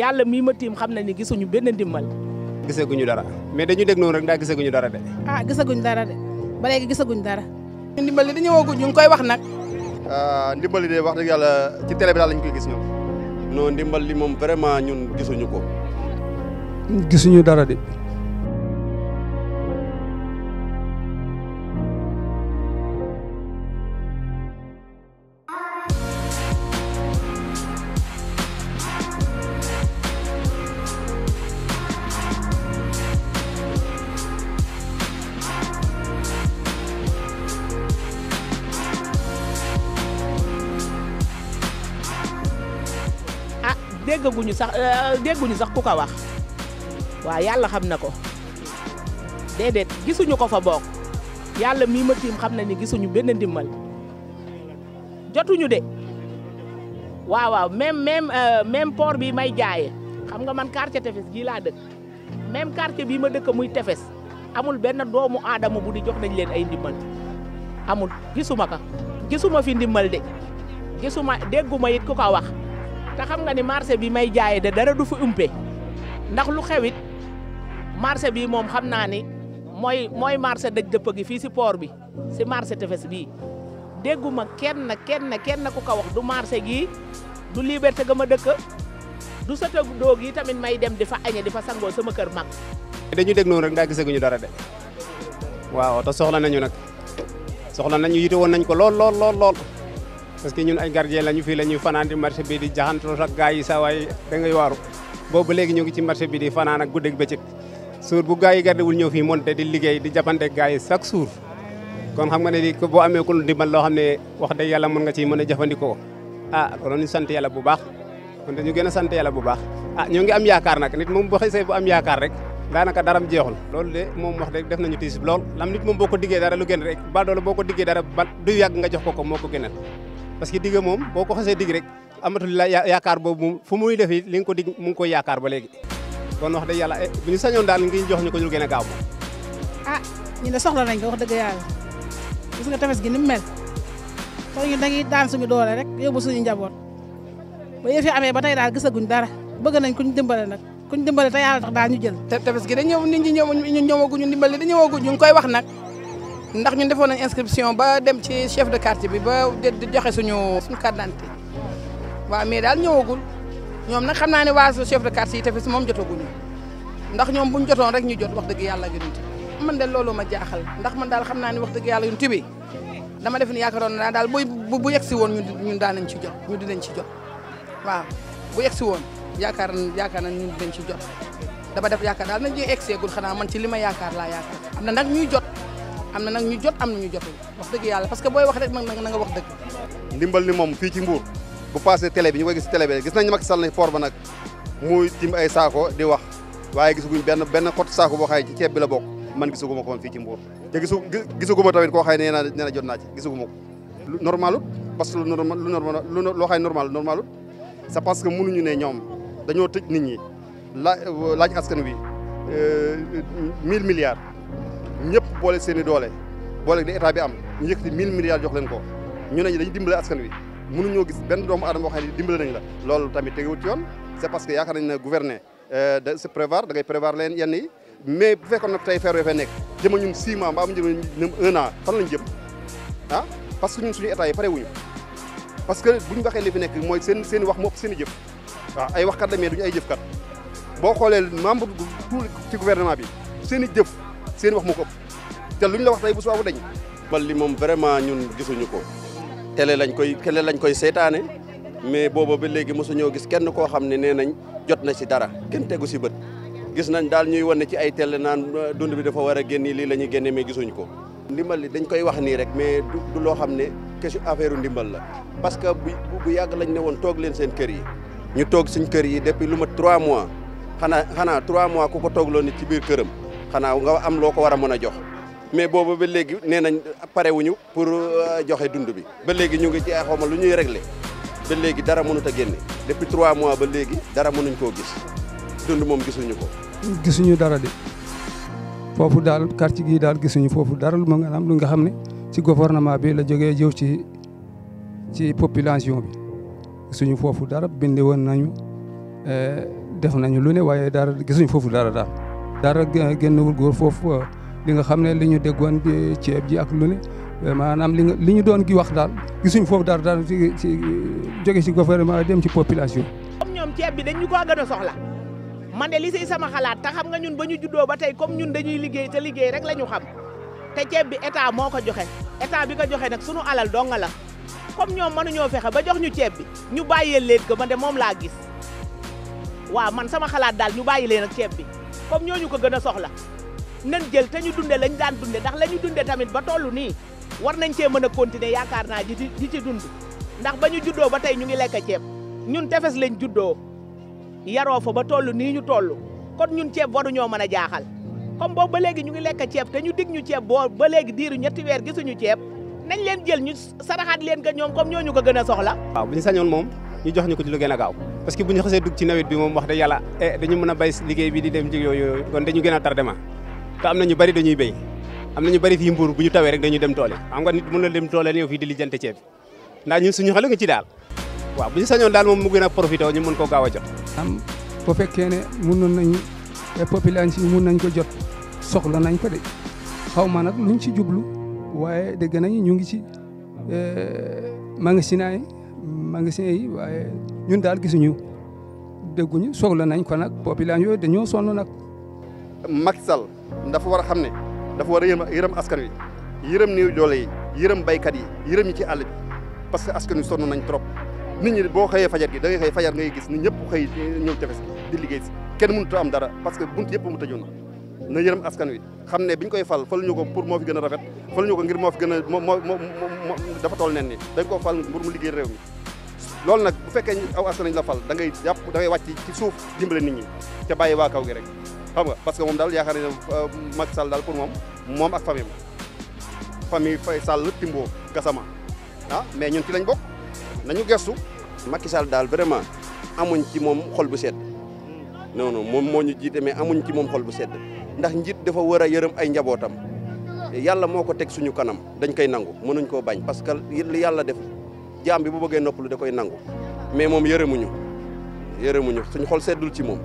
yàlla mii ma tiim xam na ni gisuñu benn ndimbal. gisaguñu dara mais dañu dégg noonu rek ndax gisaguñu dara de. ah gisaguñu dara de ba léegi gisaguñu dara. ndimbal li dañoo woogu ñu ngi koy wax nag. Ah, ndimbal li de wax dëgg yàlla ci télé bi daal lañ koy gis ñoom. non ndimbal li moom vraiment ñun gisuñu ko. gisuñu dara de. déggaguñu sax euh, dégguñu sax ku ko wax waaw yàlla xam na ko déedéet gisuñu ko fa bokk yàlla mii ma tiim xam na ni gisuñu benn ndimbal jotuñu de waawaaw waaw même même euh, même port bi may jaaye xam nga man quartier tefes gii laa dëkk même quartier bii ma dëkk muy tefes amul benn doomu aadama bu di jox nañ leen ay ndimbal amul gisuma ka gisuma fi ndimbal de gisuma dégguma it ku ko wax te xam nga ni marché bi may jaayee de dara du fa umpe ndax lu xewit marché bi moom xam naa ni mooy mooy marché dëj dëpp gi fii si port bi si marché tefes bii dégguma kenn kenn kenn ku ko du marché gi du liberté ga ma dëkk du sa tëg doo gi tamit may dem di fa añe di fa sangoo sama kër mag dañu dégg noonu rek ndaa gisaguñu dara de waaw te soxla nañu nag soxla nañu yite woon nañ ko lool lool lool lool parce que ñun ay gardien lañu fi lañu fanan di marché bi di jaxantoo ak gaay yi sa way da ngay waru bobu legi ñu ngi ci marché bi di fanan ak ak bëccëg sour bu gaay yi wul ñëw fi monté di liggéey di jabanté gaay yi chaque sour kon xam nga ne di bo amé ko ndimbal lo xamné wax dëgg yalla mën nga ci mëna a ah loolu ñu sant yalla bu baax kon dañu gëna a sant yàlla bu baax ah ñu ngi am yaakar nak nit moom bu xësee bu am yaakar rek naka daram jeexul loolu de mom wax rek def nañu tiis lool lam nit mom boko diggé dara lu gën rek ba do la boko diggé dara du yag nga jox ko ko moko gënal parce que digue mom boko xasse xasee rek amatul la ya-, yaakaar boobu moom fu muy def li ngi ko dig mu ngi koy yaakaar ba legi kon wax de yalla eh, bu ñu sañoon daal ngi jox ñu ko ñu gëna gaaw ah ñu la soxla nañ ko wax deug yàlla gis nga tefes gi ni mel ko ñu da dañuy daan suñu doole rek yobu suñu njaboot ba yëf amé ba tay dal gisaguñ dara bëgg nañ ku ñu dimbale nag ku ñu dimbale te yàlla tax da ñu jël. tefes gi dañ ñëw nit ñi ñëw ñëwaguñu dimbale dañ ñëwaguñu ñu ngi koy wax nak ndax ñun defoon nañ inscription ba dem ci chef de quartier bi ba joxe suñu suñu carte d'identité waaw mais daal ñëwagul ñoom nag xam naa ne waa chef de quartier yi tamit moom jotaguñu ndax ñoom buñ jotoon rek ñu jot wax dëgg yàlla yonent man de loolu ma jaaxal ndax man daal xam naa ne wax dëgg yàlla yonent bi dama def ni yaakaaroon naa daal bu bu yegg si woon ñun daan nañ ci jot ñu dinañ ci jot waaw bu yegg si woon yaakaar yaakaar nañ ñun dinañ ci jot dama def yaakaar daal nañ ñuy egg seegul xanaa man ci li ma yaakaar laa yaakaar am na nag ñuy jot am na nag ñu jot am na ñu jotul wax dëgg yàlla parce que booy wax rek nag na nga wax dëgg ndimbal li moom fii ci Mbour bu passé télé bi ñu koy gis télé bi gis nañ Macky Sall na port ba nag muy tim ay saako di wax waaye gisaguñ benn benn xott saako boo xaye ci ceeb bi la bokk man gisaguma ko man fii ci Mbour te gisu gisaguma tamit koo xaye nee na nee na jot naa ci gisaguma ko normalut parce que lu normal loo xaye normal normalut c'est parce que mënuñu ne ñoom dañoo tëj nit ñi euh, laaj askan wi euh, mille milliards ñëpp boole seen i doole boole di état bi am ñu yëkkati 1000 milliards jox leen ko ñu ne dañu dimbale askan wi mënuñoo gis benn doomu aadama wax ne dimbale nañ la loolu tamit tegewut ci yoon c' est parce que yaakaar nañ ne gouverner euh, da se prévoir da ngay prévoir leen yenn yi mais bu fekkoon nag tey feer yoo fee nekk jëma ñun 6 mois mbaa mu jëma ñun 1 an fan lañ jëm ah parce que ñun suñu état yi pare wuñu parce que buñ waxee li fi nekk mooy seen seen wax moo ëpp seen i jëf waaw ay waxkat la mais duñu ay jëfkat boo xoolee membre ci gouvernement bi seen i jëf seen wax mu ko te luñ la wax tey bu soobu dañ bal li moom vraiment ñun gisuñu ko télé lañ koy télé lañ koy seetaane mais booba ba léegi mosuñoo gis kenn koo xam ne nee nañ jot na ci dara kenn tegu ci bët gis nañ daal ñuy wane ci ay télé naan euh, dund bi dafa war a génn lii la ñuy génne mais gisuñu ko ndimbal li dañ koy wax nii rek mais du loo xam ne question affaire ndimbal la parce que bu bu yàgg lañ ne woon toog leen seen kër yi ñu toog suñ kër yi depuis lu ma trois mois xanaa xanaa mois ku ko toogloo nit ci biir këram xanaa nga am loo ko war a mën a jox mais boobu ba léegi nee nañ pare wuñu pour euh, joxe dund bi ba léegi ñu ngi ci ay xawma lu ñuy réglé ba léegi dara mënut a génne depuis trois mois ba léegi dara mënuñ koo gis dund moom gisuñu ko gisuñu dara di foofu daal quartier gii daal gisuñu foofu dara lu ma nga am lu nga xam ne ci gouvernement bi la jógee jëw ci ci population bi gisuñu foofu dara bindi woon nañu euh, def nañu lu ne waaye dara gisuñu foofu dara daal dara génnewul góor foofu euh, li nga xam ne li ñu déggoon bi ceeb lu ne euh, maanaam li nga li ñu doon gi wax daal gisuñ foofu dara dara ci ci jóge ci gouvernement dem ci population. comme ñoom ceeb bi dañ ñu koo gën a soxla man de li sama xalaat te xam nga ñun ba ñu juddoo ba tey comme ñun dañuy liggéey te liggéey rek la ñu xam te ceeb bi état moo ko joxe état bi ko joxe nag sunu alal dong la comme ñoom mënuñoo fexe ba jox ñu ceeb bi ñu bàyyee leen ko man de moom laa gis waaw man sama xalaat daal ñu bàyyi leen ak ceeb bi. comme ñooñu ko gën a soxla nan jël te ñu dunde lañ daan dunde ndax la ñu dunde tamit ba toll nii war nañ cee mën a continuer yaakaar naa ji ci ci ndax ba ñu juddoo ba tey ñu ngi lekk ceeb ñun tefes lañ juddoo yaroo fa ba toll nii ñu toll kon ñun ceeb waruñoo mën a jaaxal comme boobu ba léegi ñu ngi lekk ceeb te ñu dig ñu ceeb boo ba léegi diiru ñetti weer gisuñu ceeb nañ leen jël ñu saraxaat leen ko ñoom comme ñooñu ko gën a soxla. waaw bu ñu sañoon moom. ñu jox ñu ko di lu gën a gaaw parce que bu ñu xasee dugg ci nawet bi moom wax dëgg eh, a bay liggéey bi di dem ci yooyu kon dañu gën a am na ñu bari dañuy béy am na ñu bari fii mbuur bu ñu tawee rek dañuy dem toole xam nga nit mën na dem toole yow fii di lijjante ceeb ndax ñun suñu xel moom mu gën a profité ñu mën koo gaaw a jot am bu fekkee ne mënoon nañ eh, population yi mën nañ ko jot soxla nañ ko de xaw ma nag luñ ci jublu waaye dégg nañ ñu ngi ci eh, magasinat yi magasin yi waaye ñun daal gisuñu dégguñu soxla nañ ko nag population yooyu dañoo sonn nag. Macky Sall dafa war a xam ne dafa war a yërëm askan wi yërëm néew doole yi yërëm baykat yi yërëm ñi ci àll bi parce que askan wi sonn nañ trop nit ñi boo xëyee fajar gi da ngay xëy fajar ngay gis nit ñëpp xëy ñëw tefes di liggéey si kenn mënut am dara parce que bunt yëpp mu tëjoon na. yërëm askan wi xam ne biñ koy fal fal ñu ko pour moo fi gën a rafet fal ñu ko ngir moo fi gën a moo moo dafa toll nen ni dañ ko fal pour mu liggéey loolu nag bu fekkee aw askan lañ la fal da ngay jàpp da ngay wàcc ci suuf dimbale nit ñi te bàyyi waa kaw gi rek xam parce que moom daal yaakaar ne euh, Macky Sall daal pour moom moom ak famille ma famille Sall Timbo Gassama ah mais ñun ci lañ bokk nañu gestu Macky Sall daal vraiment amuñ ci moom xol bu sedd non non moom moo ñu jiite mais amuñ ci moom xol bu sedd ndax njiit dafa war a yërëm ay njabootam yàlla moo ko teg suñu kanam dañ koy nangu mënuñ koo bañ parce que li yàlla def jaam bi bu bëggee noppalu da koy nangu mais moom yërëmuñu yërëmuñu suñ xol seddul ci moom